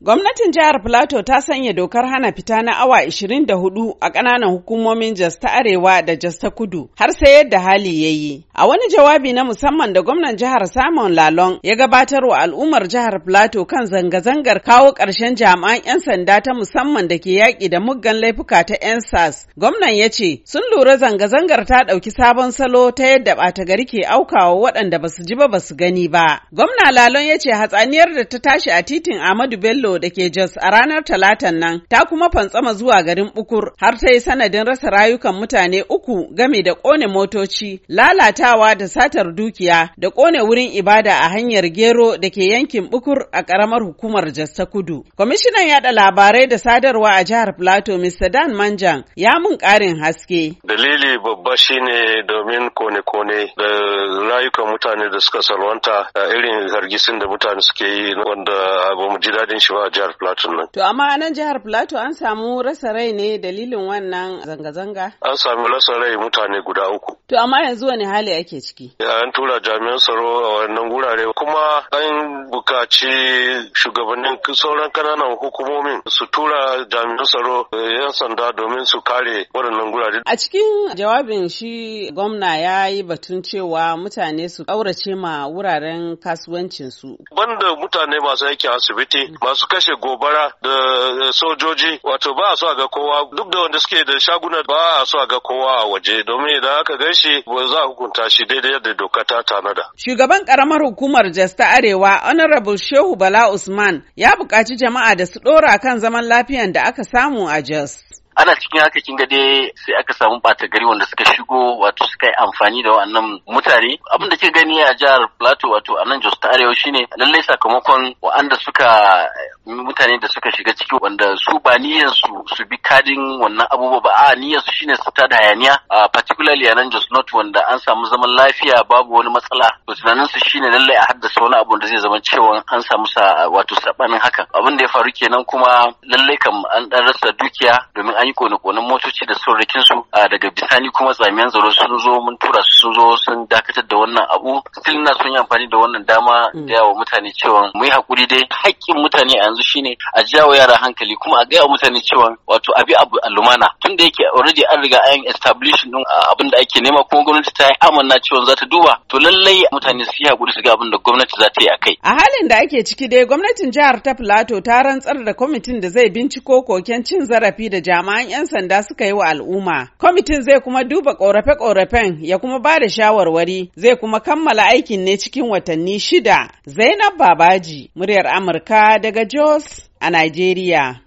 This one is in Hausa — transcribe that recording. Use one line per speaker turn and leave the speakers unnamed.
Gwamnatin jihar Plateau ta sanya dokar hana fita na awa 24 a ƙananan hukumomin Jos ta Arewa da Jos ta Kudu har sai yadda hali ya yi. A wani jawabi na musamman da gwamnan jihar Simon Lalong ya gabatar wa al'ummar jihar Plateau kan zanga-zangar kawo ƙarshen jami'an 'yan sanda ta musamman da ke yaƙi da muggan laifuka ta 'yan SAS. Gwamnan ya ce sun lura zanga-zangar ta ɗauki sabon salo ta yadda ɓata gari ke aukawa waɗanda ba su ji ba ba su gani ba. Gwamna Lalong ya ce hatsaniyar da ta tashi a titin Ahmadu Bello Bello da ke Jos a ranar Talatan nan ta kuma fantsama zuwa garin Bukur har ta yi sanadin rasa rayukan mutane uku game da ƙone motoci, lalatawa da satar dukiya da ƙone wurin ibada a hanyar Gero da ke yankin Bukur a ƙaramar hukumar Jos ta Kudu. Kwamishinan yaɗa labarai da sadarwa a jihar Plateau Mr. Dan Manjan ya mun ƙarin haske.
Dalili babba babba shine domin kone-kone da rayukan mutane da suka salwanta a irin hargitsin da mutane suke yi wanda ba mu ji dadin shi ba a jihar Plateau nan.
To amma a nan jihar Plateau an samu rasa rai ne dalilin wannan zanga-zanga?
An samu rasa rai mutane guda uku.
To amma yanzu wani hali ake ciki?
An tura jami'an tsaro a wannan wurare kuma an bukaci shugabannin sauran kananan hukumomin su tura jami'an tsaro eh, 'yan sanda domin su kare waɗannan gurare. A
cikin jawabin nan shi gwamna ya yi batun cewa mutane su ƙaurace ma wuraren kasuwancinsu.
Banda mutane masu aiki asibiti, masu kashe gobara da sojoji, wato ba a so a ga kowa duk da wanda suke da shaguna ba a so a ga kowa a waje domin idan aka gan shi ba za a hukunta shi daidai yadda doka ta tanada.
Shugaban karamar hukumar Jas ta Arewa, Honorable Shehu Bala Usman ya buƙaci jama'a da su ɗora kan zaman lafiyan da aka samu a Jos.
ana cikin haka kin ga dai sai aka samu bata gari wanda suka shigo wato suka yi amfani da wannan mutane abin da ke gani a jihar plateau wato a nan jos ta arewa shine lallai sakamakon wanda suka mutane da suka shiga ciki wanda su ba niyyar su su bi kadin wannan abubuwa ba a niyyar su shine su tada hayaniya a particularly a nan Jos North wanda an samu zaman lafiya babu wani matsala to tunanin su shine lallai a haddasa wani abu da zai zama cewa an samu sa wato sabanin haka. abin da ya faru kenan kuma lallai kam an dan rasa dukiya domin an yi kone-konen motoci da rikin su daga bisani kuma tsamiyan tsaro sun zo mun tura su sun zo sun dakatar da wannan abu still na sun yi amfani da wannan dama da wa mutane cewa mu yi hakuri dai haƙƙin mutane a yanzu shine a jawo yara hankali kuma a gaya wa mutane cewa wato abi abu a lumana tun da yake already an riga an establish din abin da ake nema kuma gwamnati ta yi amanna cewa za ta duba to lallai mutane su yi hakuri su ga abin da gwamnati za ta yi akai
a halin da ake ciki dai gwamnatin jihar ta Plateau ta rantsar da kwamitin da zai binciko koken cin zarafi da jama'a jami'an 'yan sanda suka yi wa al'umma. Kwamitin zai kuma duba ƙorafe-ƙorafen ya kuma ba da shawarwari zai kuma kammala aikin ne cikin watanni shida. Zainab Babaji, muryar Amurka daga Jos a Najeriya.